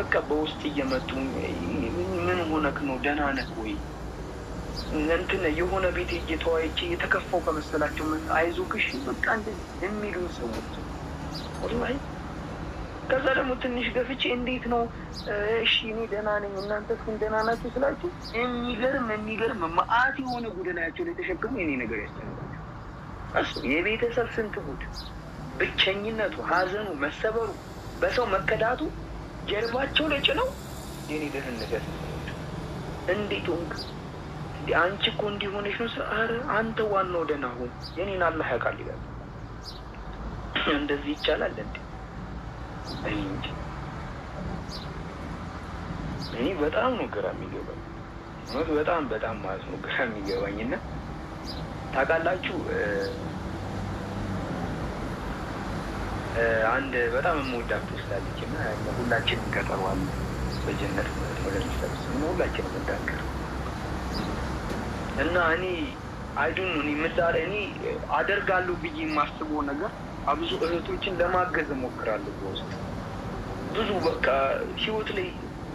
በቃ በውስጥ እየመጡ ምን ሆነክ ነው? ደህና ነህ ወይ? እንትን የሆነ ቤት እየተዋይች የተከፋው ከመሰላቸው አይዞክሽ በቃ እንደዚህ የሚሉ ሰዎች ወላሂ። ከዛ ደግሞ ትንሽ ገፍቼ እንዴት ነው እሺ፣ እኔ ደህና ነኝ፣ እናንተ ስን ደህና ናችሁ ስላችሁ የሚገርም የሚገርም ማአት የሆነ ጎደናያቸው ላይ ተሸክሙ የኔ ነገር ያስጨንቃቸው እሱ የቤተሰብ ስንት ጉድ፣ ብቸኝነቱ፣ ሀዘኑ፣ መሰበሩ፣ በሰው መከዳቱ ጀርባቸው ላይ ጭነው የኔ ደህንነት እንዴት ሆንክ? አንቺ እኮ እንዲሆነች ነው ኧረ አንተ ዋናው ደህና ሁን፣ የኔን አላህ ያውቃል ይላል። እንደዚህ ይቻላል እንዴ? እንጂ እኔ በጣም ነው ግራ የሚገባኝ በጣም በጣም ማለት ነው ግራ የሚገባኝ እና ታውቃላችሁ አንድ በጣም የምወዳት ስላለች እና ሁላችን እንቀጠሯል በጀነት ወደሚሰብስ ሁላችን እንዳንቀር እና እኔ አይዱን እኔ ምሳሌ እኔ አደርጋለሁ ብዬ የማስበው ነገር አብዙ እህቶችን ለማገዝ እሞክራለሁ። በውስጥ ብዙ በቃ ህይወት ላይ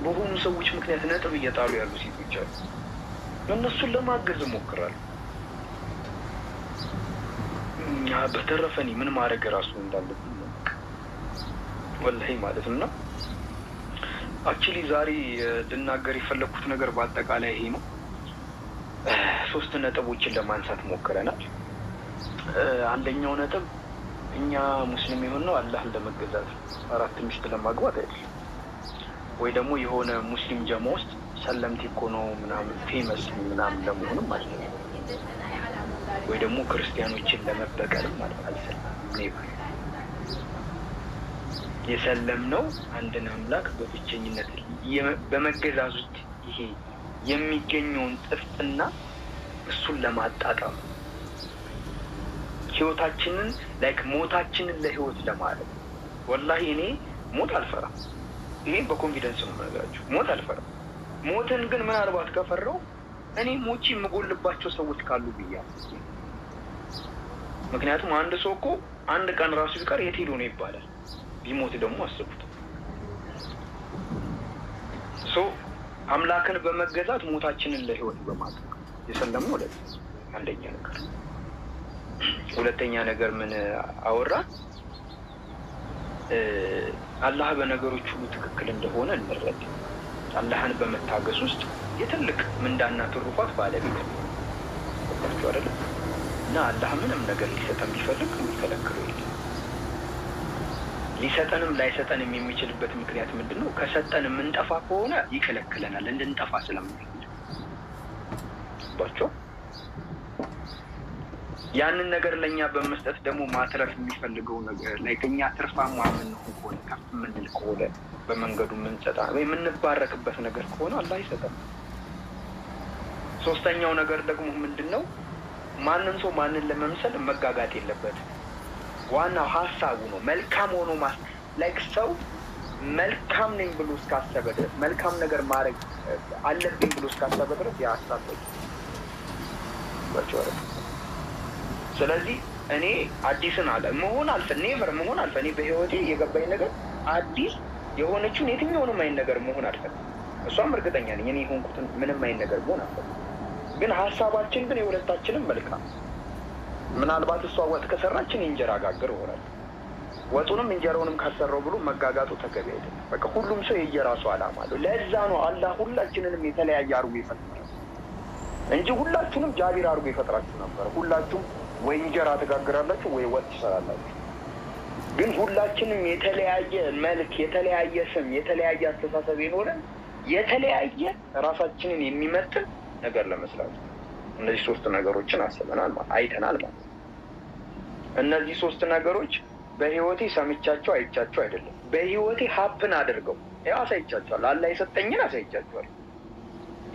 በሆኑ ሰዎች ምክንያት ነጥብ እየጣሉ ያሉ ሴቶች አሉ። እነሱን ለማገዝ እሞክራለሁ። በተረፈ እኔ ምን ማድረግ ራሱ እንዳለብኝ ወላሂ ማለት ነው። እና ዛሬ ልናገር የፈለግኩት ነገር በአጠቃላይ ይሄ ነው። ሶስት ነጥቦችን ለማንሳት ሞክረናል። አንደኛው ነጥብ እኛ ሙስሊም የሆነው አላህን ለመገዛት አራት ሚስት ለማግባት አይደለም፣ ወይ ደግሞ የሆነ ሙስሊም ጀማ ውስጥ ሰለምቴ እኮ ነው ምናምን ፌመስ ምናምን ለመሆንም ማለት ነው፣ ወይ ደግሞ ክርስቲያኖችን ለመበቀልም ማለት አልሰለም ነው አንድን አምላክ በብቸኝነት በመገዛዙት ይሄ የሚገኘውን ጥፍጥና እሱን ለማጣጣም ህይወታችንን ላይክ ሞታችንን ለህይወት ለማለት ወላሂ እኔ ሞት አልፈራ ይህም በኮንፊደንስ ነው ነገራችሁ። ሞት አልፈራ ሞትን ግን ምናልባት ከፈረው እኔ ሞቺ የምጎልባቸው ሰዎች ካሉ ብያ ምክንያቱም አንድ ሰው እኮ አንድ ቀን ራሱ ቢቀር የት ሄዶ ነው ይባላል። ቢሞት ደግሞ አስቡት። ሶ አምላክን በመገዛት ሞታችንን ለህይወት በማድረግ የሰለሙ ወለት አንደኛ ነገር። ሁለተኛ ነገር ምን አወራ? አላህ በነገሮች ሁሉ ትክክል እንደሆነ እንረዳ። አላህን በመታገስ ውስጥ የትልቅ ምንዳና ትሩፋት ባለቤት ነው። ገባችሁ አይደለም? እና አላህ ምንም ነገር ሊሰጠን ቢፈልግ የሚከለክለው የለም። ሊሰጠንም ላይሰጠንም የሚችልበት ምክንያት ምንድን ነው? ከሰጠን የምንጠፋ ከሆነ ይከለክለናል፣ እንድንጠፋ ስለምንፈልግ ያንን ነገር ለእኛ በመስጠት ደግሞ ማትረፍ የሚፈልገው ነገር ላይ እኛ ትርፋማ የምንሆን ከሆነ ከፍ የምንል ከሆነ በመንገዱ የምንሰጣ የምንባረክበት ነገር ከሆነ አላህ ይሰጠን። ሶስተኛው ነገር ደግሞ ምንድን ነው? ማንን ሰው ማንን ለመምሰል መጋጋጥ የለበትም። ዋናው ሀሳቡ ነው። መልካም ሆኖ ማስ ላይክ ሰው መልካም ነኝ ብሎ እስካሰበ ድረስ መልካም ነገር ማድረግ አለብኝ ብሎ እስካሰበ ድረስ የሀሳብ ስለዚህ እኔ አዲስን አለ መሆን አልፈ ኔቨር መሆን አልፈ እኔ በህይወቴ የገባኝ ነገር አዲስ የሆነችውን የትኛውንም አይነት ነገር መሆን አልፈ እሷም እርግጠኛ ነኝ እኔ የሆንኩትን ምንም አይን ነገር መሆን አልፈ ግን ሀሳባችን ግን የሁለታችንም መልካም ምናልባት እሷ ወጥ ከሰራች እኔ እንጀራ ጋግር ይሆናል። ወጡንም እንጀራውንም ካሰራው ብሎ መጋጋጡ ተገቢ አይደለም። በቃ ሁሉም ሰው የየራሱ አላማ አለው። ለዛ ነው አላህ ሁላችንንም የተለያየ አርጎ ይፈጥራል እንጂ ሁላችሁንም ጃቢር አርጎ ይፈጥራችሁ ነበር። ሁላችሁም ወይ እንጀራ ትጋግራላችሁ ወይ ወጥ ትሰራላችሁ። ግን ሁላችንም የተለያየ መልክ፣ የተለያየ ስም፣ የተለያየ አስተሳሰብ የኖረን የተለያየ ራሳችንን የሚመጥን ነገር ለመስራት እነዚህ ሶስት ነገሮችን አስበናል፣ አይተናል ማለት እነዚህ ሶስት ነገሮች በህይወቴ ሰምቻቸው አይቻቸው አይደለም፣ በህይወቴ ሀፕን አድርገው ያው አሳይቻቸዋል። አላህ የሰጠኝን አሳይቻቸዋል።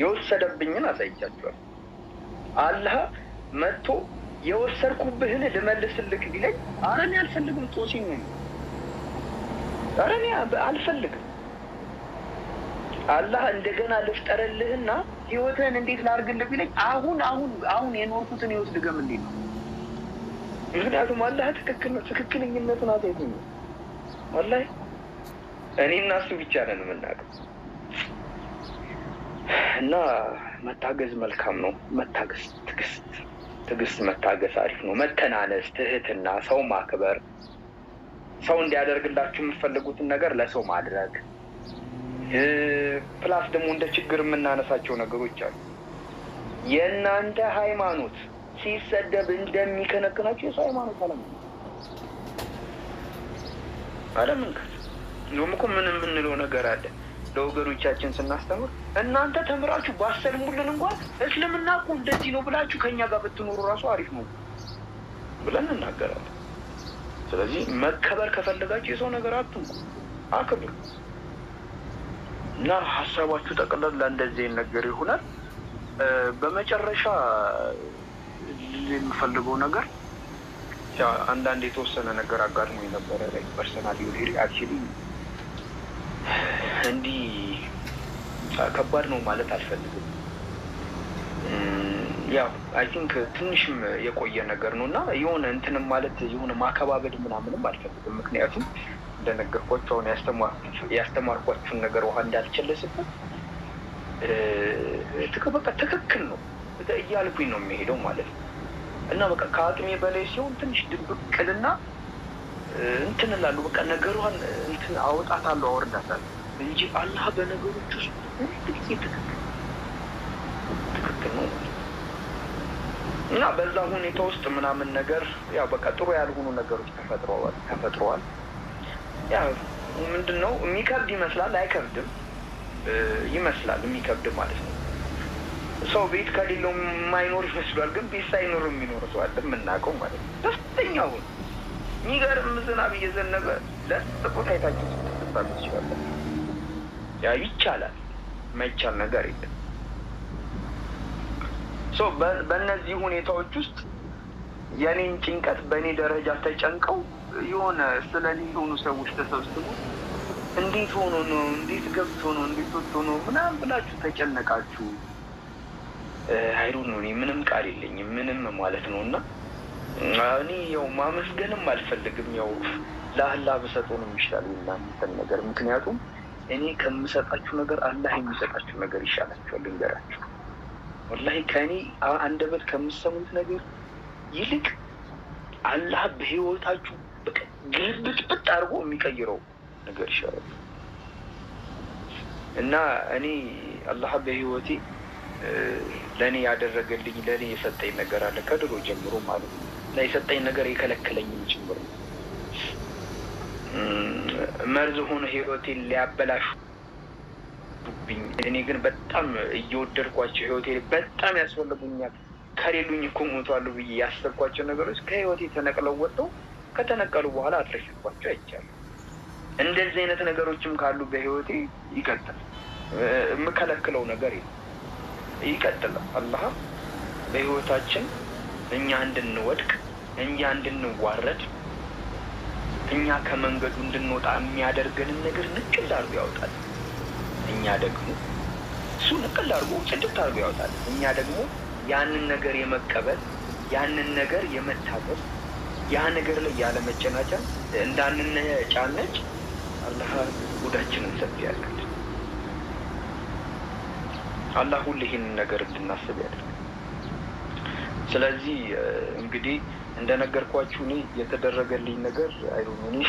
የወሰደብኝን አሳይቻቸዋል። አላህ መጥቶ የወሰድኩብህን ልመልስልክ ቢለኝ ኧረ እኔ አልፈልግም፣ ጦሲኝ ኧረ እኔ አልፈልግም። አላህ እንደገና ልፍጠረልህና ህይወትህን እንዴት ላድርግልህ ቢለኝ አሁን አሁን አሁን የኖርኩትን ህይወት ድገም እንዴት ነው ምክንያቱም አላህ ትክክል ነው። ትክክለኝነቱን አትኝም ወላሂ እኔ እና እሱ ብቻ ነን የምናውቀው። እና መታገዝ መልካም ነው። መታገዝ ትግስት ትግስት መታገስ አሪፍ ነው። መተናነስ፣ ትህትና፣ ሰው ማክበር፣ ሰው እንዲያደርግላችሁ የምትፈልጉትን ነገር ለሰው ማድረግ ፕላስ ደግሞ እንደ ችግር የምናነሳቸው ነገሮች አሉ። የእናንተ ሃይማኖት ሲሰደብ እንደሚከነክናቸው የሰው ሃይማኖት አለም አለምንከት እንደውም እኮ ምን የምንለው ነገር አለ ለወገኖቻችን ስናስተምር እናንተ ተምራችሁ ባሰልሙልን እንኳን እስልምና እኮ እንደዚህ ነው ብላችሁ ከኛ ጋር ብትኖሩ እራሱ አሪፍ ነው ብለን እናገራለን። ስለዚህ መከበር ከፈለጋችሁ የሰው ነገር አትንኩ፣ አክብሩ እና ሀሳባችሁ ጠቅላላ እንደዚህ ነገር ይሆናል በመጨረሻ የምፈልገው ነገር አንዳንድ የተወሰነ ነገር አጋጥሞ የነበረ ላይ ፐርሰናል ዩሪ አክቹሊ እንዲህ ከባድ ነው ማለት አልፈልግም። ያው አይ ቲንክ ትንሽም የቆየ ነገር ነው እና የሆነ እንትንም ማለት የሆነ ማከባበድ ምናምንም አልፈልግም። ምክንያቱም እንደነገርኳቸው አሁን ያስተማርኳችሁን ነገር ውሃ እንዳልቸለስበት በቃ ትክክል ነው እያልኩኝ ነው የሚሄደው ማለት ነው። እና በቃ ከአቅሜ በላይ ሲሆን ትንሽ ድብቅልና እንትን እላለሁ። በቃ ነገሯን እንትን አወጣታለሁ፣ አወርዳታለሁ እንጂ አላህ በነገሮች ውስጥ ትክክል ትክክል ነው እና በዛ ሁኔታ ውስጥ ምናምን ነገር ያው በቃ ጥሩ ያልሆኑ ነገሮች ተፈጥረዋል ተፈጥረዋል። ያው ምንድን ነው የሚከብድ ይመስላል፣ አይከብድም ይመስላል የሚከብድ ማለት ነው ሰው ቤት ከሌለው የማይኖር ይመስሏል፣ ግን ቤት ሳይኖር የሚኖር ሰው አለ የምናውቀው ማለት ነው። ደስተኛው የሚገርም ዝናብ እየዘነበ ለጥቁ ታይታችሁ ስትባል ትችላለን። ያ ይቻላል፣ የማይቻል ነገር የለም። በእነዚህ ሁኔታዎች ውስጥ የእኔን ጭንቀት በእኔ ደረጃ ተጨንቀው የሆነ ስለ እኔ የሆኑ ሰዎች ተሰብስበው እንዴት ሆኖ ነው እንዴት ገብቶ ነው እንዴት ወጥቶ ነው ምናምን ብላችሁ ተጨነቃችሁ አይሮን ነው። እኔ ምንም ቃል የለኝም ምንም ማለት ነው። እና እኔ ያው ማመስገንም አልፈልግም። ያው ለአላ ብሰጠ ነው የሚሻል የእናንተን ነገር። ምክንያቱም እኔ ከምሰጣችሁ ነገር አላህ የሚሰጣችሁ ነገር ይሻላችኋል። ልንገራችሁ፣ ወላሂ ከእኔ አንደበት ከምሰሙት ነገር ይልቅ አላህ በህይወታችሁ ግልብጥብጥ አድርጎ የሚቀይረው ነገር ይሻላል እና እኔ አላህ በህይወቴ ለእኔ ያደረገልኝ ለእኔ የሰጠኝ ነገር አለ ከድሮ ጀምሮ ማለት ነው የሰጠኝ ነገር የከለከለኝም ጭምር ነው። መርዝ ሆኖ ህይወቴን ሊያበላሹ እኔ ግን በጣም እየወደድኳቸው ህይወቴ በጣም ያስፈልጉኛል ከሌሉኝ እኮ ሞቷለሁ ብዬ ያሰብኳቸው ነገሮች ከህይወቴ ተነቅለው ወጥተው ከተነቀሉ በኋላ አትረሽባቸው አይቻልም። እንደዚህ አይነት ነገሮችም ካሉ በህይወቴ ይቀጥል። የምከለክለው ነገር የለም። ይቀጥላል። አላህ በህይወታችን እኛ እንድንወድቅ፣ እኛ እንድንዋረድ፣ እኛ ከመንገዱ እንድንወጣ የሚያደርገንን ነገር ንቅል አድርጎ ያወጣል። እኛ ደግሞ እሱ ንቅል አድርጎ ጽድት አድርጎ ያወጣል። እኛ ደግሞ ያንን ነገር የመቀበል ያንን ነገር የመታገል ያ ነገር ላይ ያለመጨናጫን እንዳንነጫነጭ አላህ ሁዳችንን ሰፊ ያለን አላህ ሁሉ ይህንን ነገር እንድናስብ ያደርግ። ስለዚህ እንግዲህ እንደነገርኳችሁ እኔ የተደረገልኝ ነገር አይሆን እኔ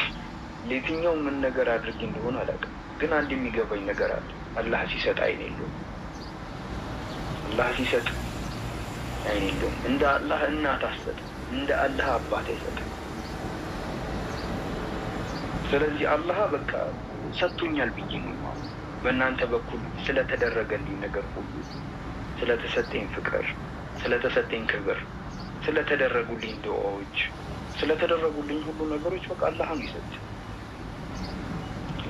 ለየትኛው ምን ነገር አድርጌ እንደሆነ አላውቅም፣ ግን አንድ የሚገባኝ ነገር አለ። አላህ ሲሰጥ አይን የለውም። አላህ ሲሰጥ አይን የለውም። እንደ አላህ እናት አሰጥ፣ እንደ አላህ አባት አይሰጥም። ስለዚህ አላህ በቃ ሰጥቶኛል ብዬ ነው በእናንተ በኩል ስለተደረገልኝ ነገር ሁሉ፣ ስለተሰጠኝ ፍቅር፣ ስለተሰጠኝ ክብር፣ ስለተደረጉልኝ ድዋዎች ስለተደረጉልኝ ሁሉ ነገሮች በቃ አላህ ነው ይሰጥ፣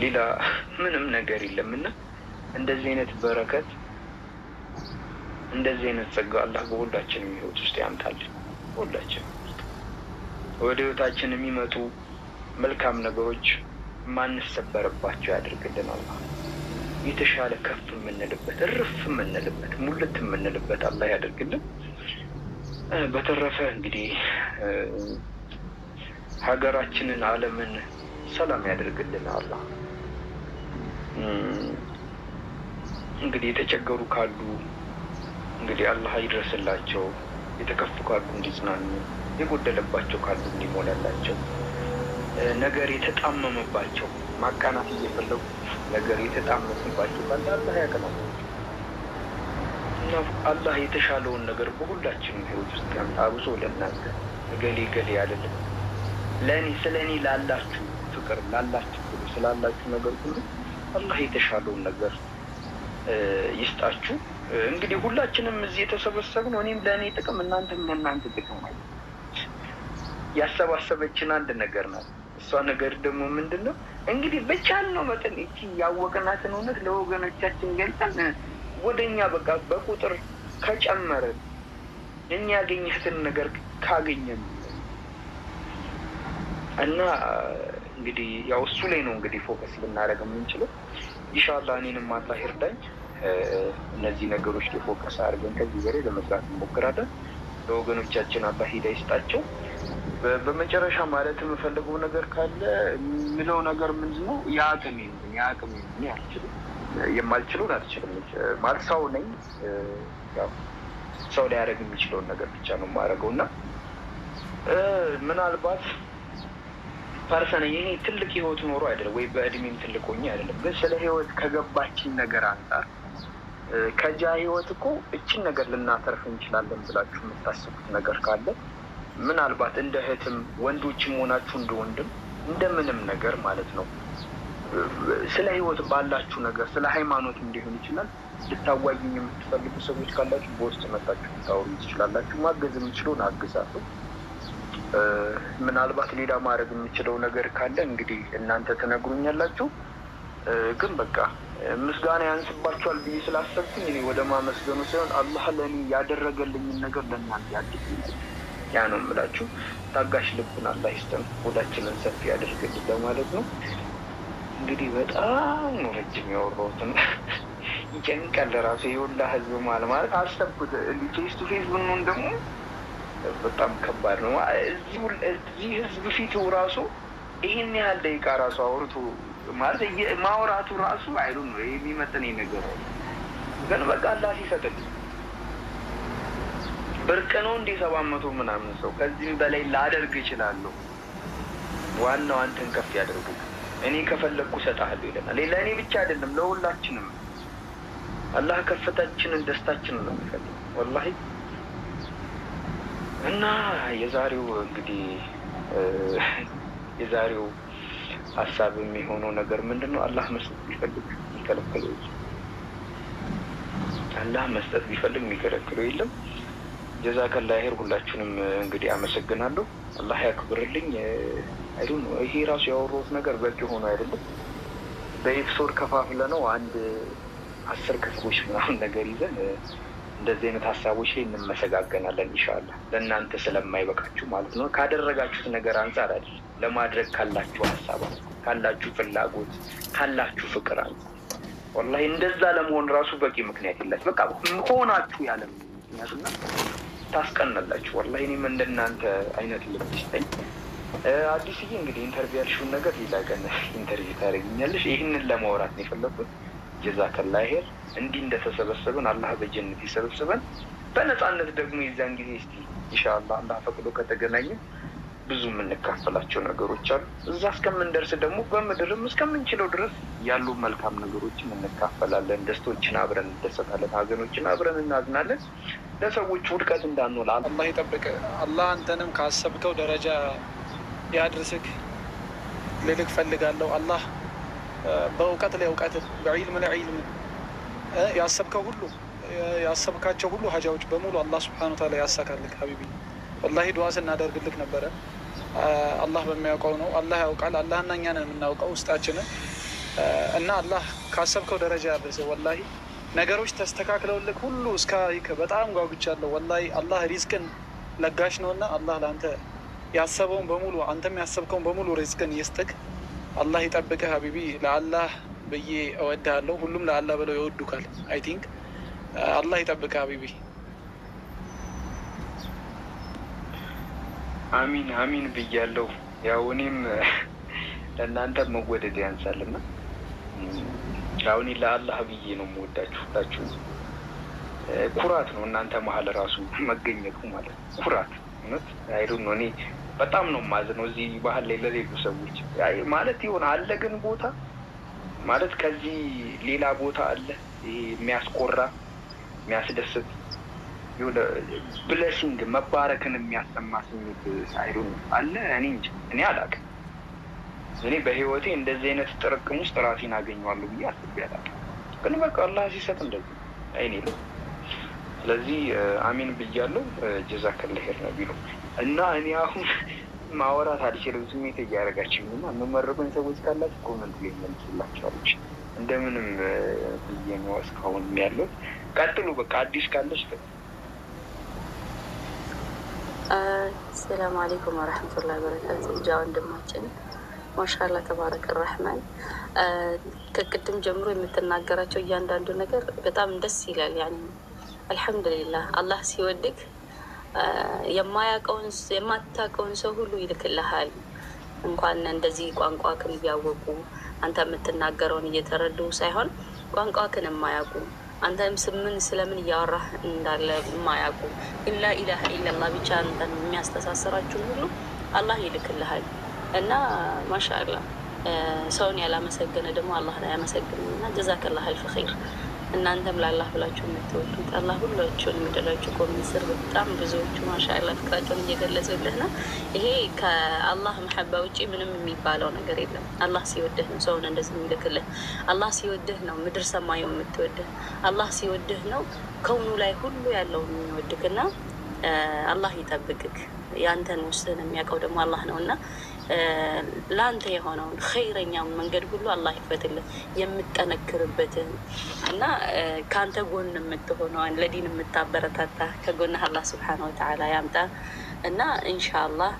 ሌላ ምንም ነገር የለም እና እንደዚህ አይነት በረከት እንደዚህ አይነት ጸጋ አላህ በሁላችን ህይወት ውስጥ ያምጣል። ሁላችን ወደ ህይወታችን የሚመጡ መልካም ነገሮች ማንሰበርባቸው ያደርግልን አላህ የተሻለ ከፍ የምንልበት እርፍ የምንልበት ሙልት የምንልበት አላህ ያደርግልን። በተረፈ እንግዲህ ሀገራችንን፣ ዓለምን ሰላም ያደርግልን አላህ። እንግዲህ የተቸገሩ ካሉ እንግዲህ አላህ ይድረስላቸው፣ የተከፉ ካሉ እንዲጽናኑ፣ የጎደለባቸው ካሉ እንዲሞላላቸው ነገር የተጣመመባቸው ማቃናት እየፈለጉ ነገር የተጣመመባቸው ባለ አላህ ያቀናል እና አላህ የተሻለውን ነገር በሁላችንም ህይወት ውስጥ ያምጣ። አብሶ ለእናንተ እገሌ እገሌ አይደለም ለእኔ ስለ እኔ ላላችሁ ፍቅር ላላችሁ ብሎ ስላላችሁ ነገር ሁሉ አላህ የተሻለውን ነገር ይስጣችሁ። እንግዲህ ሁላችንም እዚህ የተሰበሰብነው እኔም ለእኔ ጥቅም እናንተም ለእናንተ ጥቅም ያሰባሰበችን አንድ ነገር ናት። እሷ ነገር ደግሞ ምንድን ነው እንግዲህ በቻልነው መጠን እቺ ያወቅናትን እውነት ለወገኖቻችን ገልጠን ወደኛ በቃ በቁጥር ከጨመረን እኛ ያገኘትን ነገር ካገኘን እና እንግዲህ ያው እሱ ላይ ነው እንግዲህ ፎከስ ልናደርግ የምንችለው። ይሻላ እኔንም አላህ ይርዳኝ። እነዚህ ነገሮች ላይ ፎከስ አድርገን ከዚህ በላይ ለመስራት እንሞክራለን። ለወገኖቻችን አላህ ሂዳ ይስጣቸው። በመጨረሻ ማለት የምፈልገው ነገር ካለ የምለው ነገር ምንድን ነው? የአቅም የአቅሜ አልችልም፣ የማልችለውን አልችልም። ማለት ሰው ነኝ፣ ሰው ሊያደርግ የሚችለውን ነገር ብቻ ነው የማደርገው እና ምናልባት ፐርሰን ይሄ ትልቅ ህይወት ኖሮ አይደለም ወይ በእድሜም ትልቅ ሆኜ አይደለም፣ ግን ስለ ህይወት ከገባችን ነገር አንጻር ከጃ ህይወት እኮ እችን ነገር ልናተርፍ እንችላለን ብላችሁ የምታስቡት ነገር ካለ ምናልባት እንደ እህትም ወንዶችም ሆናችሁ እንደ ወንድም እንደምንም ነገር ማለት ነው ስለ ህይወት ባላችሁ ነገር ስለ ሃይማኖት እንዲሆን ይችላል። ልታዋዩኝ የምትፈልጉ ሰዎች ካላችሁ በውስጥ መጣችሁ ልታወሩ ትችላላችሁ። ማገዝ የምችለውን አግዛሉ ምናልባት ሌላ ማድረግ የምችለው ነገር ካለ እንግዲህ እናንተ ትነግሩኛላችሁ። ግን በቃ ምስጋና ያንስባቸዋል ብዬ ስላሰብኩኝ እኔ ወደ ማመስገኑ ሳይሆን አላህ ለእኔ ያደረገልኝን ነገር ለእናንተ ያድግኛል ያ ነው የምላችሁ። ታጋሽ ልብን አላህ ይስጠን፣ ሁላችንን ሰፊ ያደርግልን ለማለት ነው። እንግዲህ በጣም ነው ረጅም ያወራሁት እና ይጨንቃል ለራሱ የወላ ህዝብ ማለ ማለት አሰብኩት። ፌስ ቱ ፌስ ብንሆን ደግሞ በጣም ከባድ ነው። እዚህ ህዝብ ፊት ራሱ ይህን ያህል ደቂቃ ራሱ አውርቶ ማለት ማውራቱ ራሱ አይሉ ነው የሚመጥን ነገር ግን በቃ አላህ ይሰጥልን ብርቅ ነው እንዲህ ሰባት መቶ ምናምን ሰው ከዚህም በላይ ላደርግ ይችላለሁ። ዋናው አንተን ከፍ ያደርጉ እኔ ከፈለግኩ እሰጥሃለሁ ይለናል። ለእኔ ብቻ አይደለም ለሁላችንም። አላህ ከፍታችንን ደስታችንን ነው የሚፈልግ ወላሂ። እና የዛሬው እንግዲህ የዛሬው ሀሳብ የሚሆነው ነገር ምንድን ነው? አላህ መስጠት ቢፈልግ የሚከለክለው የለም። አላህ መስጠት ቢፈልግ የሚከለክለው የለም። ጀዛከላ ሄር ሁላችሁንም እንግዲህ አመሰግናለሁ። አላህ ያክብርልኝ። አይዱ ይሄ ራሱ ያወራሁት ነገር በቂ ሆኖ አይደለም። በኤፕሶድ ከፋፍለ ነው አንድ አስር ክፍሎች ምናምን ነገር ይዘን እንደዚህ አይነት ሀሳቦች ላይ እንመሰጋገናለን። ይሻላ ለእናንተ ስለማይበቃችሁ ማለት ነው። ካደረጋችሁት ነገር አንጻር አይደለም፣ ለማድረግ ካላችሁ ሀሳብ፣ ካላችሁ ፍላጎት፣ ካላችሁ ፍቅር አንጻር ወላሂ እንደዛ ለመሆን ራሱ በቂ ምክንያት የላችሁ። በቃ ሆናችሁ ያለ ምክንያቱና ታስቀናላችሁ። ወላሂ እኔም እንደናንተ አይነት ልብ ሲተኝ አዲስዬ እንግዲህ ኢንተርቪው ያልሽውን ነገር ሌላ ቀን ኢንተርቪው ታደርግኛለሽ። ይህንን ለማውራት ነው የፈለኩት። ጀዛከላ ሄር እንዲህ እንደተሰበሰበን አላህ በጀነት ይሰበስበን፣ በነፃነት ደግሞ የዛን ጊዜ እስቲ ኢንሻአላህ አላህ ፈቅዶ ከተገናኘ ብዙ የምንካፈላቸው ነገሮች አሉ። እዛ እስከምንደርስ ደግሞ በምድርም እስከምንችለው ድረስ ያሉ መልካም ነገሮችን እንካፈላለን። ደስቶችን አብረን እንደሰታለን፣ ሀዘኖችን አብረን እናዝናለን። ለሰዎች ውድቀት እንዳንሆን አላህ ይጠብቅ። አላህ አንተንም ካሰብከው ደረጃ ያድርስክ ልልክ ፈልጋለሁ። አላህ በእውቀት ላይ እውቀት በዒልም ላይ ዒልምን ያሰብከው ሁሉ ያሰብካቸው ሁሉ ሀጃዎች በሙሉ አላህ ስብሐነ ወተዓላ ያሳካልክ። ሀቢቢ ወላሂ ዱዓ ስናደርግልክ ነበረ። አላህ በሚያውቀው ነው። አላህ ያውቃል። አላህና እኛ ነን የምናውቀው ውስጣችንን እና አላህ ካሰብከው ደረጃ ያደርሰ። ወላሂ ነገሮች ተስተካክለውልክ ሁሉ እስከ በጣም ጓጉቻለሁ። ወላሂ አላህ ሪዝቅን ለጋሽ ነው እና አላህ ለአንተ ያሰበውን በሙሉ አንተም ያሰብከውን በሙሉ ሪዝቅን ይስጥክ። አላህ ይጠብቅህ ሀቢቢ። ለአላህ ብዬ እወድሃለሁ። ሁሉም ለአላህ ብለው ይወዱካል። አይ ቲንክ አላህ ይጠብቀ ሀቢቢ። አሚን አሚን ብያለሁ። ያው እኔም ለእናንተ መወደድ ያንሳልና አሁን ለአላህ ብዬ ነው የምወዳችሁ ሁላችሁ። ኩራት ነው እናንተ መሀል ራሱ መገኘቱ ማለት ነው ኩራት። እውነት አይዱ ነው። እኔ በጣም ነው የማዝነው እዚህ ባህል ላይ ለሌሉ ሰዎች ማለት ይሆን አለ ግን ቦታ ማለት ከዚህ ሌላ ቦታ አለ ይሄ የሚያስቆራ የሚያስደስት ብለሲንግ መባረክን የሚያሰማ ስሜት ሳይሆን አለ። እኔ እንጂ እኔ አላቅ እኔ በህይወቴ እንደዚህ አይነት ጥርቅም ውስጥ ራሴን አገኘዋሉ ብዬ አስብ ያላቅ ግን በቃ አላህ ሲሰጥ እንደዚህ አይኔ ነው። ስለዚህ አሚን ብያለው ጀዛከላ ነው ቢሉ እና እኔ አሁን ማወራት አልችልም። ስሜት እያደረጋችኝ እና የምመረቁኝ ሰዎች ካላችሁ ኮመንት ላይ መልስላቸዋለች። እንደምንም ብዬ ነው እስካሁን ያለሁት። ቀጥሉ። በቃ አዲስ ካለች ሰላም አሌይኩም ወረህመቱላሂ ወበረካቱ። እጃ ወንድማችን ማሻላ ተባረክ ራህማን። ከቅድም ጀምሮ የምትናገራቸው እያንዳንዱ ነገር በጣም ደስ ይላል። ያ አልሐምዱሊላህ አላህ ሲወድግ የማያውቀውን የማታውቀውን ሰው ሁሉ ይልክልሃል። እንኳን እንደዚህ ቋንቋ እያወቁ አንተ የምትናገረውን እየተረዱ ሳይሆን ቋንቋክን ክን የማያውቁ አንተም ስምን ስለምን እያወራህ እንዳለ የማያውቁ ግን ላኢላሀ ኢለላ ብቻ አንተን የሚያስተሳስራችሁን ሁሉ አላህ ይልክልሃል እና ማሻአላህ ሰውን ያላመሰገነ ደግሞ አላህ ላይ ያመሰግንና ጀዛከላህ አልፍ ኸይር እናንተም ላላህ ብላችሁ የምትወዱት አላህ ሁላችሁን የሚደላችሁ ኮሜንት ስር በጣም ብዙዎቹ ማሻላ ፍቅራቸውን እየገለጹልህ ነው። ይሄ ከአላህ መሐባ ውጭ ምንም የሚባለው ነገር የለም። አላህ ሲወድህ ነው ሰውን እንደዚህ የሚልክልህ። አላህ ሲወድህ ነው ምድር ሰማዩ የምትወድህ። አላህ ሲወድህ ነው ከውኑ ላይ ሁሉ ያለውን የሚወድክና አላህ ይጠብቅክ። የአንተን ውስጥህን የሚያውቀው ደግሞ አላህ ነው እና ለአንተ የሆነውን ኸይረኛውን መንገድ ሁሉ አላህ ይክፈትልን። የምጠነክርበትን እና ከአንተ ጎን የምትሆነዋን ለዲን የምታበረታታ ከጎንህ አላህ ስብሓን ወተዓላ ያምጣ። እና ኢንሻአላህ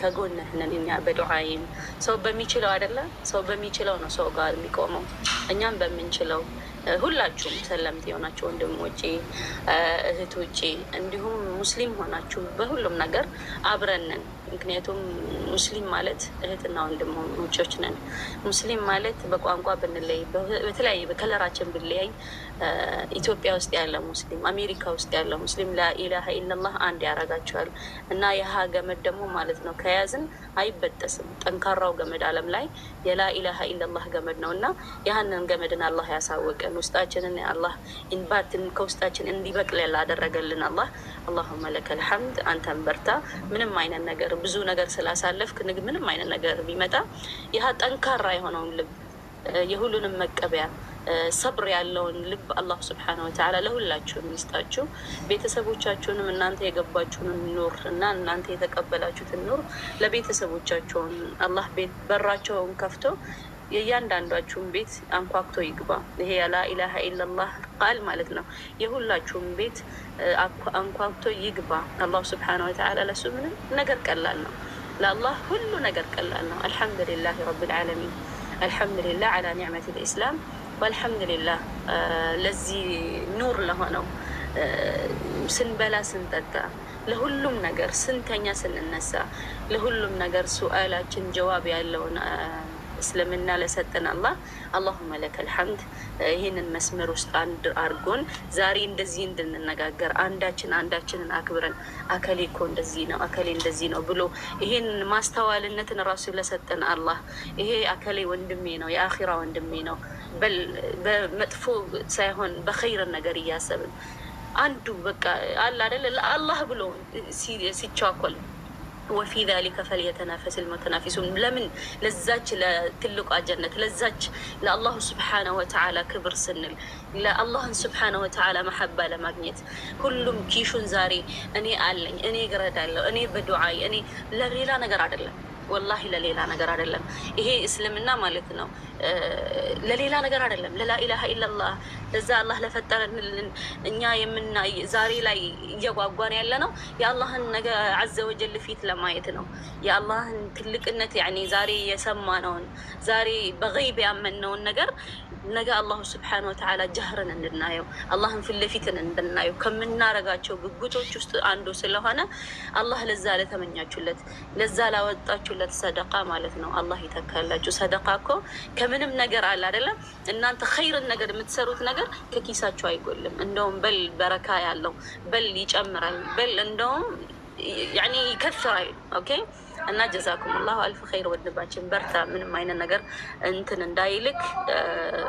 ከጎንህ ነን እኛ በዱዓይም። ሰው በሚችለው አይደለም ሰው በሚችለው ነው ሰው ጋር የሚቆመው። እኛም በምንችለው ሁላችሁም ሰለምት የሆናችሁ እህት ውጪ እንዲሁም ሙስሊም ሆናችሁ በሁሉም ነገር አብረንን። ምክንያቱም ሙስሊም ማለት እህትና ወንድሞች ነን። ሙስሊም ማለት በቋንቋ ብንለይ፣ በተለያየ በከለራችን ብንለያይ፣ ኢትዮጵያ ውስጥ ያለ ሙስሊም፣ አሜሪካ ውስጥ ያለ ሙስሊም ላኢላሀ ኢለላህ አንድ ያደርጋቸዋል እና የሀ ገመድ ደግሞ ማለት ነው ከያዝን አይበጠስም። ጠንካራው ገመድ አለም ላይ የላ ኢላሀ ኢለላህ ገመድ ነው እና ያህንን ገመድን አላህ ያሳወቀን ውስጣችንን አላህ ኢንባትን ከውስጣችን እንዲበቅል ያላደረገልን አላህ አላሁመ ለከል ሐምድ። አንተን በርታ። ምንም አይነት ነገር ብዙ ነገር ስላሳለፍክ ምንም አይነት ነገር ቢመጣ ይህ ጠንካራ የሆነውን ልብ የሁሉንም መቀበያ ሰብር ያለውን ልብ አላህ ስብሓነ ወተዓላ ለሁላችሁም ይስጣችሁ። ቤተሰቦቻችሁንም እናንተ የገባችሁን ኑር እና እናንተ የተቀበላችሁትን ኑር ለቤተሰቦቻቸውን አላህ ቤት በራቸውን ከፍቶ የእያንዳንዷችሁን ቤት አንኳኩቶ ይግባ። ይሄ ላኢላሃ ኢለላህ ቃል ማለት ነው። የሁላችሁም ቤት አንኳኩቶ ይግባ አላሁ ስብሓነ ወተዓላ። ለሱ ምንም ነገር ቀላል ነው። ለአላህ ሁሉ ነገር ቀላል ነው። አልሐምዱሊላህ ረብል ዓለሚን አልሐምዱሊላህ ዓላ ኒዕመት ልእስላም አልሐምዱሊላህ ለዚህ ኑር ለሆነው ስንበላ ስንጠጣ ለሁሉም ነገር ስንተኛ ስንነሳ ለሁሉም ነገር ሱአላችን ጀዋብ ያለውን እስልምና ለሰጠን አላህ አላሁመ ለከል ልሐምድ ይህንን መስመር ውስጥ አንድ አርጎን ዛሬ እንደዚህ እንድንነጋገር አንዳችን አንዳችንን አክብረን አከሌ እኮ እንደዚህ ነው፣ አከሌ እንደዚህ ነው ብሎ ይህን ማስተዋልነትን ራሱ ለሰጠን አላህ ይሄ አከሌ ወንድሜ ነው፣ የአኺራ ወንድሜ ነው በመጥፎ ሳይሆን በኸይረን ነገር እያሰብን አንዱ በቃ አለ አይደለ ለአላህ ብሎ ሲቻኮል ወፊ ዛሊከ ፈልየተናፈስ ልሙተናፊሱን። ለምን ለዛች ለትልቋ ጀነት ለዛች ለአላሁ ስብሓነ ወተዓላ ክብር ስንል ለአላህን ስብሓነ ወተዓላ መሐባ ለማግኘት ሁሉም ኪሹን ዛሬ እኔ አለኝ እኔ እረዳለሁ እኔ በዱዓይ እኔ ለሌላ ነገር አይደለም። ወላሂ ለሌላ ነገር አይደለም። ይሄ እስልምና ማለት ነው፣ ለሌላ ነገር አይደለም። ለላኢላሃ ኢላላህ ለዛ አላህ ለፈጠረን እኛ የምና ዛሬ ላይ እየጓጓን ያለ ነው የአላህን ነገ አዘወጀል ፊት ለማየት ነው። የአላህን ትልቅነት ያኔ ዛሬ የሰማነውን ዛሬ በገይብ ያመንነውን ነገር ነገ አላሁ ስብሓን ወተዓላ ጃህርን እንድናየው አላህን ፊት ለፊትን እንድናየው ከምናረጋቸው ጉጉቶች ውስጥ አንዱ ስለሆነ አላህ ለዛ ለተመኛችሁለት ለዛ ላወጣችሁለት ሰደቃ ማለት ነው አላህ ይተካላችሁ። ሰደቃ እኮ ከምንም ነገር አለ አይደለም። እናንተ ኸይርን ነገር የምትሰሩት ነገር ከኪሳችሁ አይጎልም። እንደውም በል በረካ ያለው በል ይጨምራል፣ በል እንደውም ያኔ ይከስራል። ኦኬ እና ጀዛኩሙላሁ አልፍ ኸይር ወንድማችን በርታ። ምንም አይነት ነገር እንትን እንዳይልክ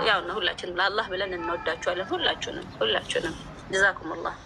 ያው ሁላችንም ለአላህ ብለን እንወዳችኋለን። ሁላችሁንም ሁላችሁንም ጀዛኩሙላህ